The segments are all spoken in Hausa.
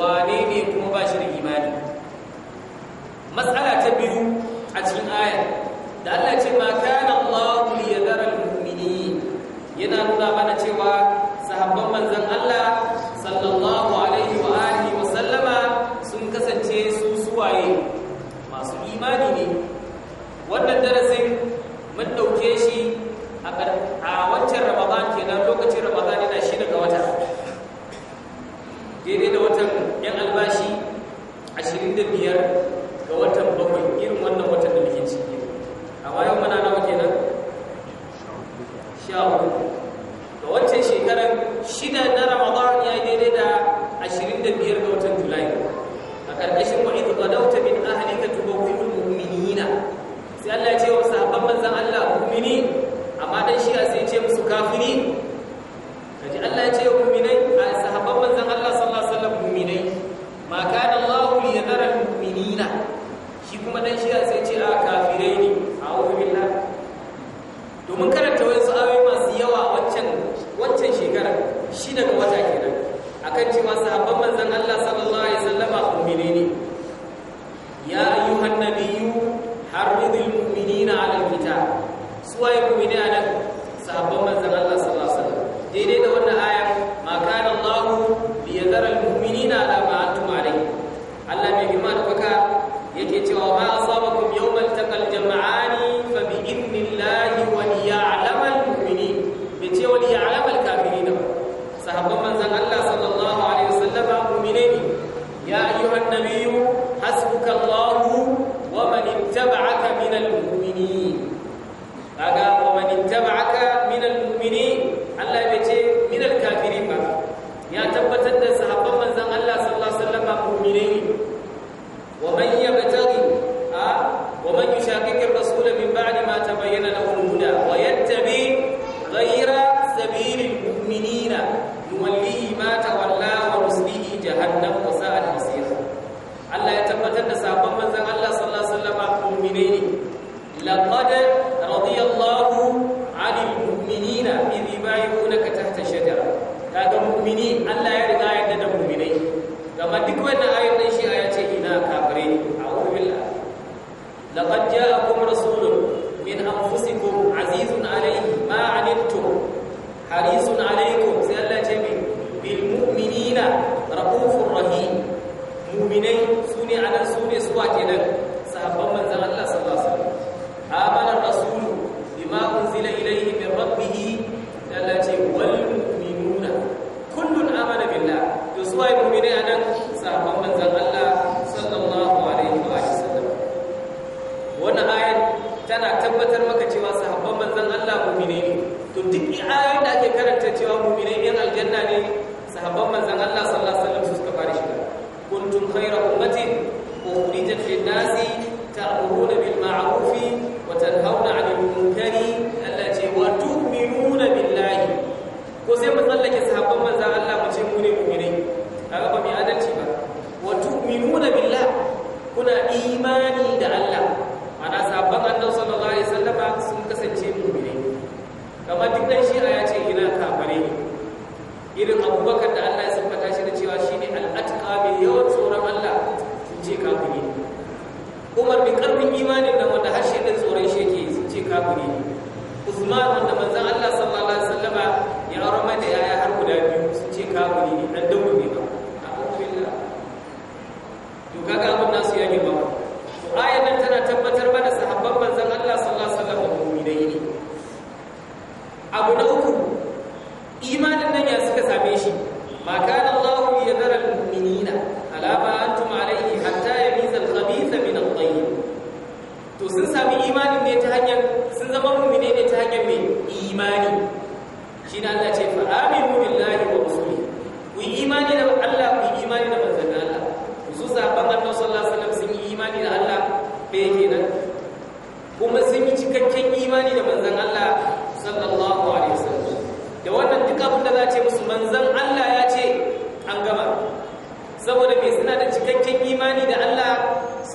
wane ne kuma ba shi da imani matsala ta biyu a cikin ayar da Allah ce ma kana Allah li yadhara yana nuna mana cewa sahabban manzan Allah sallallahu alaihi wa alihi wa sallama sun kasance su suwaye masu imani ne wannan darasin mun dauke shi a wancan Ramadan kenan lokacin Ramadan biyar ga watan bakwai irin wannan watan da muke ciki amma yau mana nawa kenan sha uku ga wancan shekarar shida na ramadan ya yi daidai da ashirin da biyar ga watan julai a suwaye ne a nan sabon manzon Allah sallallahu alaihi wasallam daidai da wannan aya ma kana Allahu liyadara al-mu'minina ala من بعد ما تبين له الهدى ويتبع غير سبيل المؤمنين نوليه ما تولى ونصليه جهنم وساءت مصيره Allah ya tabbatar da sabon manzon Allah sallallahu alaihi wasallam mu'minai muminai su ne a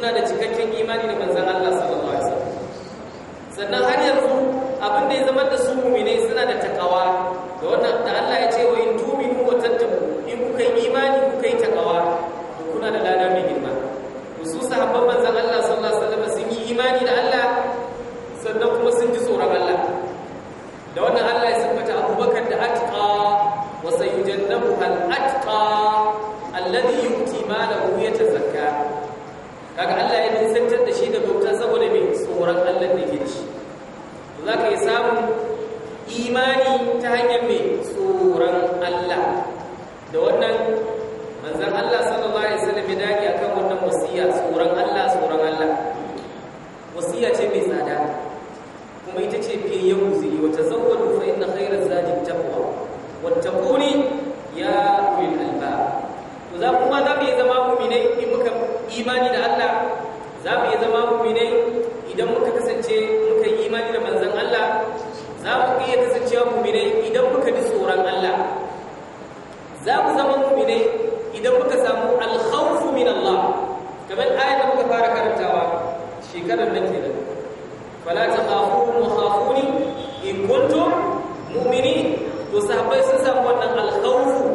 suna da cikakken imani da manzan Allah sallallahu alaihi sannan har yanzu abin da ya zama da su mu'minai suna da takawa da wannan da Allah ya ce wa in tuminu wa tattabu in kuka yi imani kuka yi takawa to kuna da lada mai girma to su sahabban manzan Allah sallallahu alaihi wasallam sun yi imani da Allah sannan kuma sun ji tsoron Allah da wannan Allah ya sabbata Abubakar da atqa wa sayujannabu al-atqa alladhi yu'ti malahu tsoron Allah da ke da shi za ka yi samun imani ta hanyar mai tsoron Allah da wannan manzan Allah sallallahu Alaihi wasallam ya dage akan wannan wasiya tsoron Allah mu'mini to sahabbai sun samu wannan alkhawfu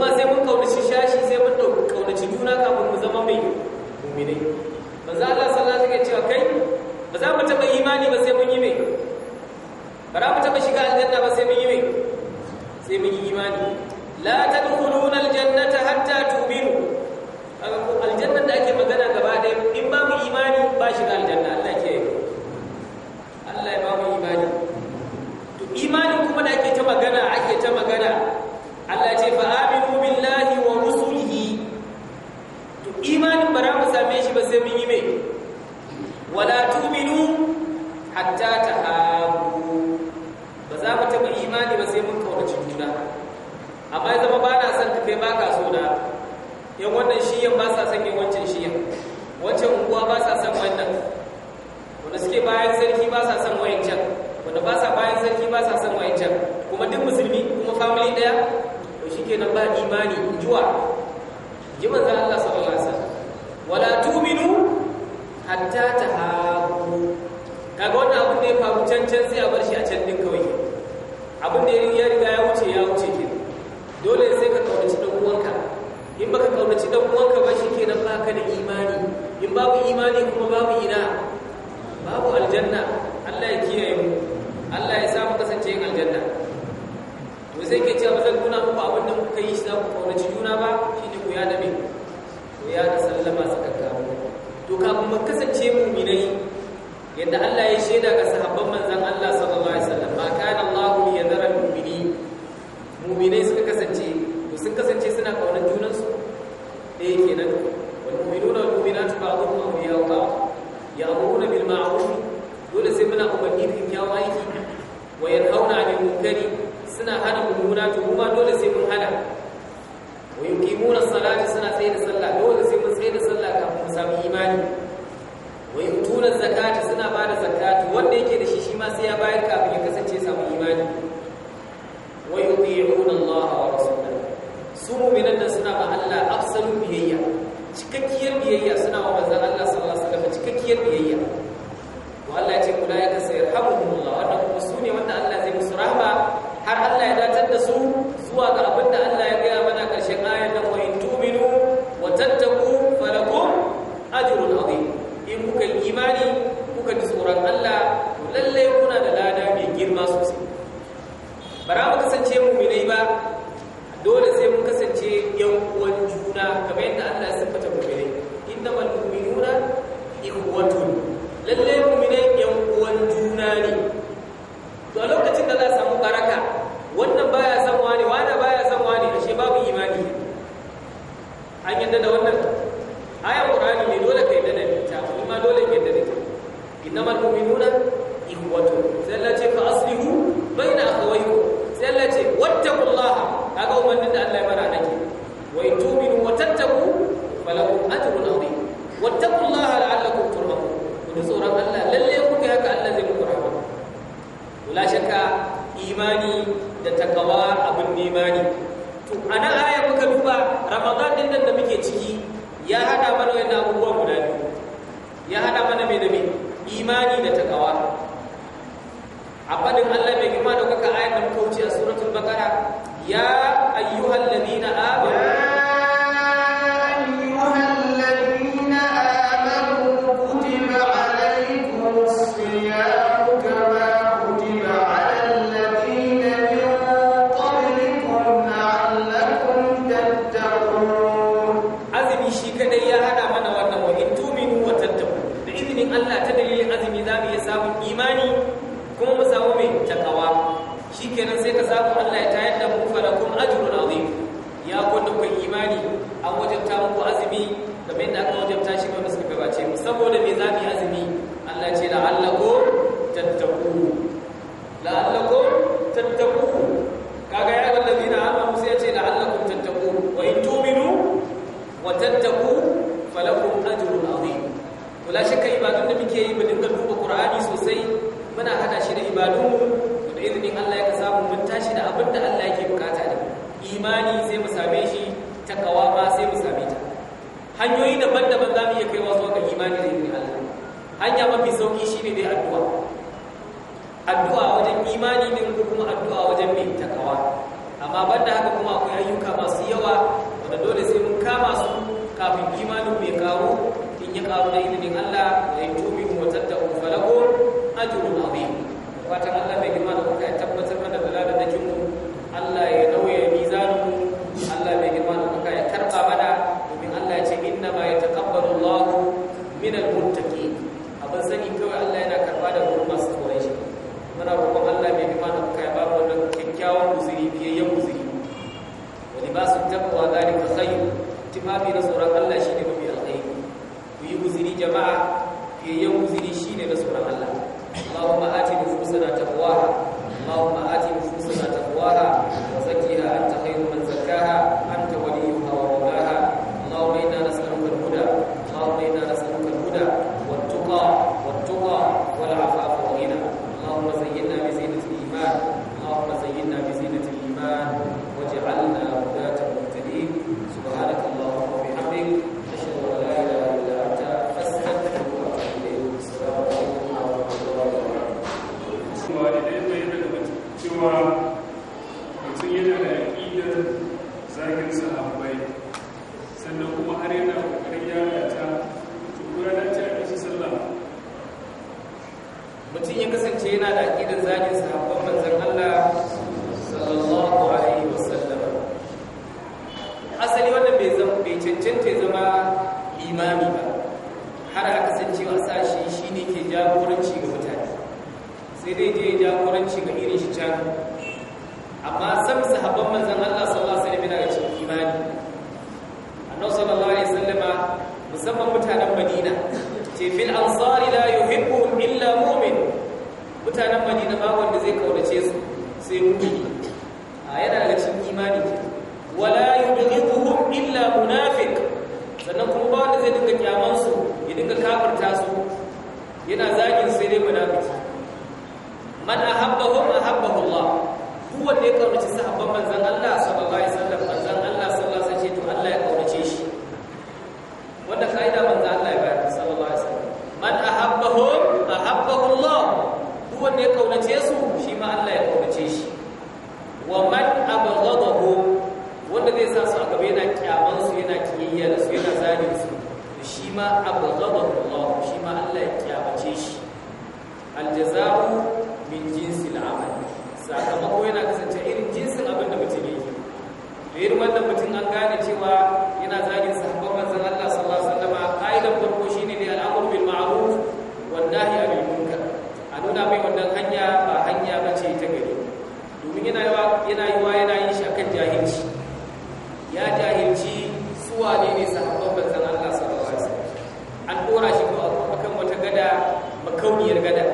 kuma sai mun kaunaci shashi sai mun kaunaci juna kafin mu zama mai muminai manzo Allah sallallahu alaihi wasallam cewa kai ba za mu taba imani ba sai mun yi mai ba za mu taba shiga aljanna ba sai mun yi mai sai mun yi imani la tadkhuluna aljannata hatta tu'minu aljanna da ake magana gaba ɗaya in ba mu imani ba shiga aljanna mu imani ba sai mun kaunaci juna amma ya zama ba na son ka kai ba ka so na yan wannan shiyan ba sa son yan wancan shiyan wancan unguwa ba sa son wannan wanda suke bayan sarki ba sa son can. wanda ba sa bayan sarki ba sa son can. kuma duk musulmi kuma family daya to shikenan ba imani juwa ji manzon Allah sallallahu alaihi wasallam wala tu'minu hatta tahabu kaga wannan abu ne faru can can sai a bar shi a can din kawai abin da ya riga ya wuce ya wuce ke dole sai ka kaunaci dan uwanka in baka kaunaci dan uwanka ba shikenan baka da imani in babu imani kuma babu ina babu aljanna Allah ya kiyaye mu Allah ya samu kasance aljanna to sai ke cewa bazan kuna muku abin da kuka yi za ku kaunaci juna ba ne ku ya dabe ku ya da sallama kawo to kafin mu kasance mu'minai yadda Allah ya shaida ga imani da takawa abin nemani to ana aya muka duba ramadan din nan da muke ciki ya hada mana wani abubuwa guda biyu ya hada mana mai da imani da takawa a fadin Allah mai girma da kuka ayar kauce a suratul bakara ya ayyuhal ladina amanu ta dalilin azumi za mu iya samun imani kuma mu samu mai takawa kenan sai ka samu Allah ya ta yadda mu fara kuma ajrun azim ya kwanda kun imani an wajabta muku azumi kamar yadda aka wajabta shi ga wanda suka ce saboda me za mu yi hanyoyi daban-daban za mu iya kaiwa zuwa ga imani da yin Allah hanya mafi sauki shine dai addu'a addu'a wajen imani ne ko kuma addu'a wajen bin takawa amma banda haka kuma akwai ayyuka masu yawa wanda dole sai mun kama su kafin imanin mai karo in ya karu da ilimin Allah da ya tobi mu wata ajrun azim fatan Allah istifafi na tsoron to uh, ansari la yuhibbuhum illa mu'min mutanen madina ba wanda zai kaurace su sai mu'mini a yana daga cikin imani wala yubghiduhum illa munafiq sannan kuma ba wanda zai dinga kyaman su ya dinga kafirta su yana zagin sai dai munafiki man ahabbahum ahabbahu Allah duk wanda ya kaunaci sahabban manzon Allah sallallahu alaihi bayyana da su yana zagin su to shi ma abghadahu Allah shi ma Allah ya kyabace shi aljaza'u min ka ma sakamako yana kasance irin jinsin abin da mutum yake to irin wannan mutum an gane cewa yana zagin sa makauniyar gada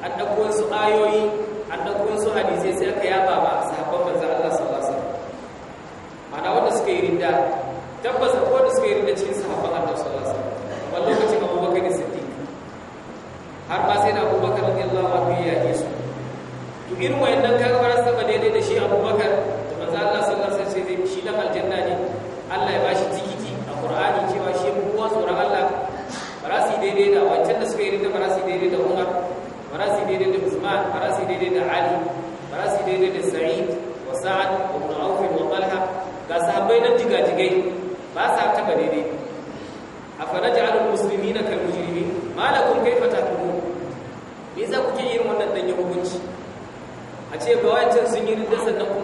an ɗauko wasu ayoyi an ɗauko su hadisai sai aka yaba ba sahabban manzo Allah su alaihi wasallam ma'ana wanda suka yi ridda tabbas ko wanda suka yi ridda cikin su sahabban Allah sallallahu alaihi wasallam wani lokacin Abubakar Siddiq har ma sai da Abubakar radiyallahu anhu ya yi su to irin wayannan kaga ba za su daidai da shi Abubakar sun yi da sannan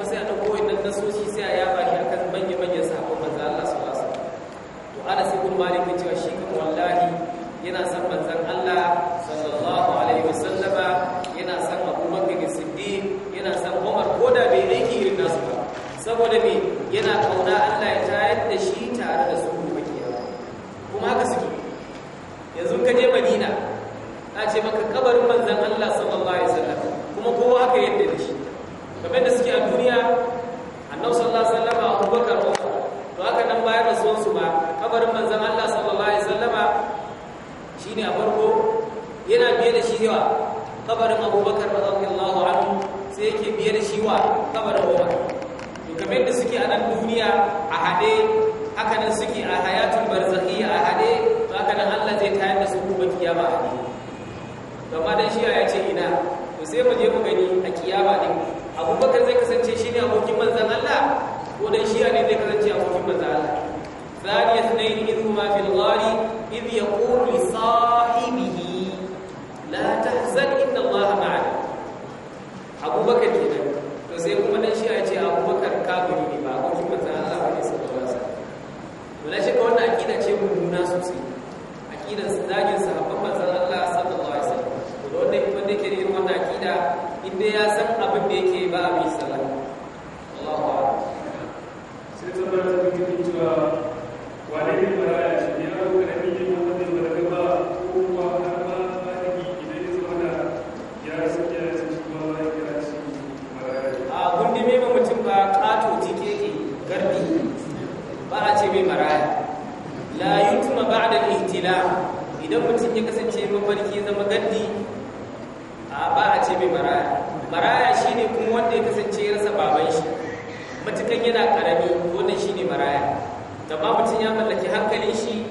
ne a farko yana biye da shi wa kabarin abubakar radiyallahu anhu sai yake biye da shi wa kabarin umar to kamar da suke a nan duniya a hade haka nan suke a hayatul barzaki a hade ba haka nan Allah zai tayar da su gobe kiyama a hade gama dan shi ya ce ina to sai mu je mu gani a kiyama din abubakar zai kasance shine abokin manzon Allah ko dan shi ne zai kasance abokin manzon Allah ثانية اثنين إذ هما في الغار إذ يقول لصاحبه لا تحزن إن الله معنا أبو بكر كده وسيكون من الشيء يجي أبو بكر كابري بما أقول كما تعالى الله صلى الله عليه وسلم ولا شك أن أكيد شيء مناسب أكيد سداجن صحابة من الله صلى الله عليه وسلم ولو أنك من ذكر يرون أكيد إن يا سن أبن بيكي بقى matukan yana karami wannan shine maraya amma mutum ya mallaki hankalin shi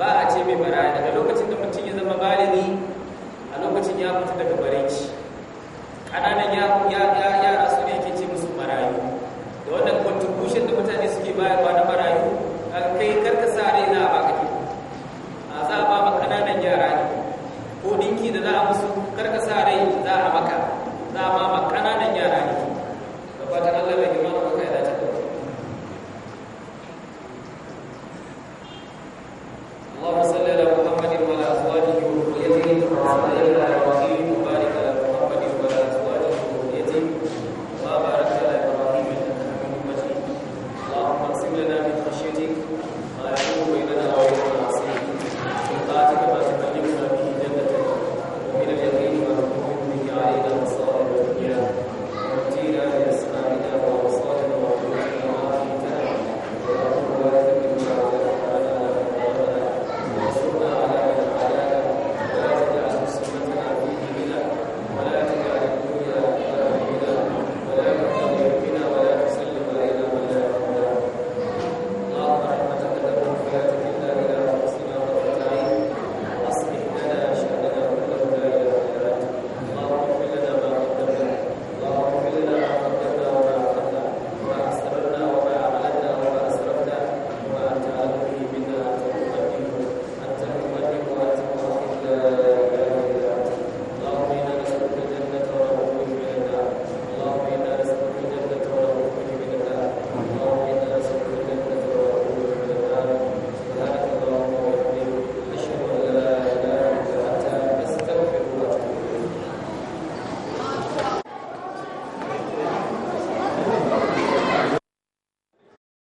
ba a ce mai maraya daga lokacin da mutum ya zama baligi a lokacin ya fita daga bareci ƙananan yara su ne yake ce musu marayu da wannan contribution da mutane suke bayarwa na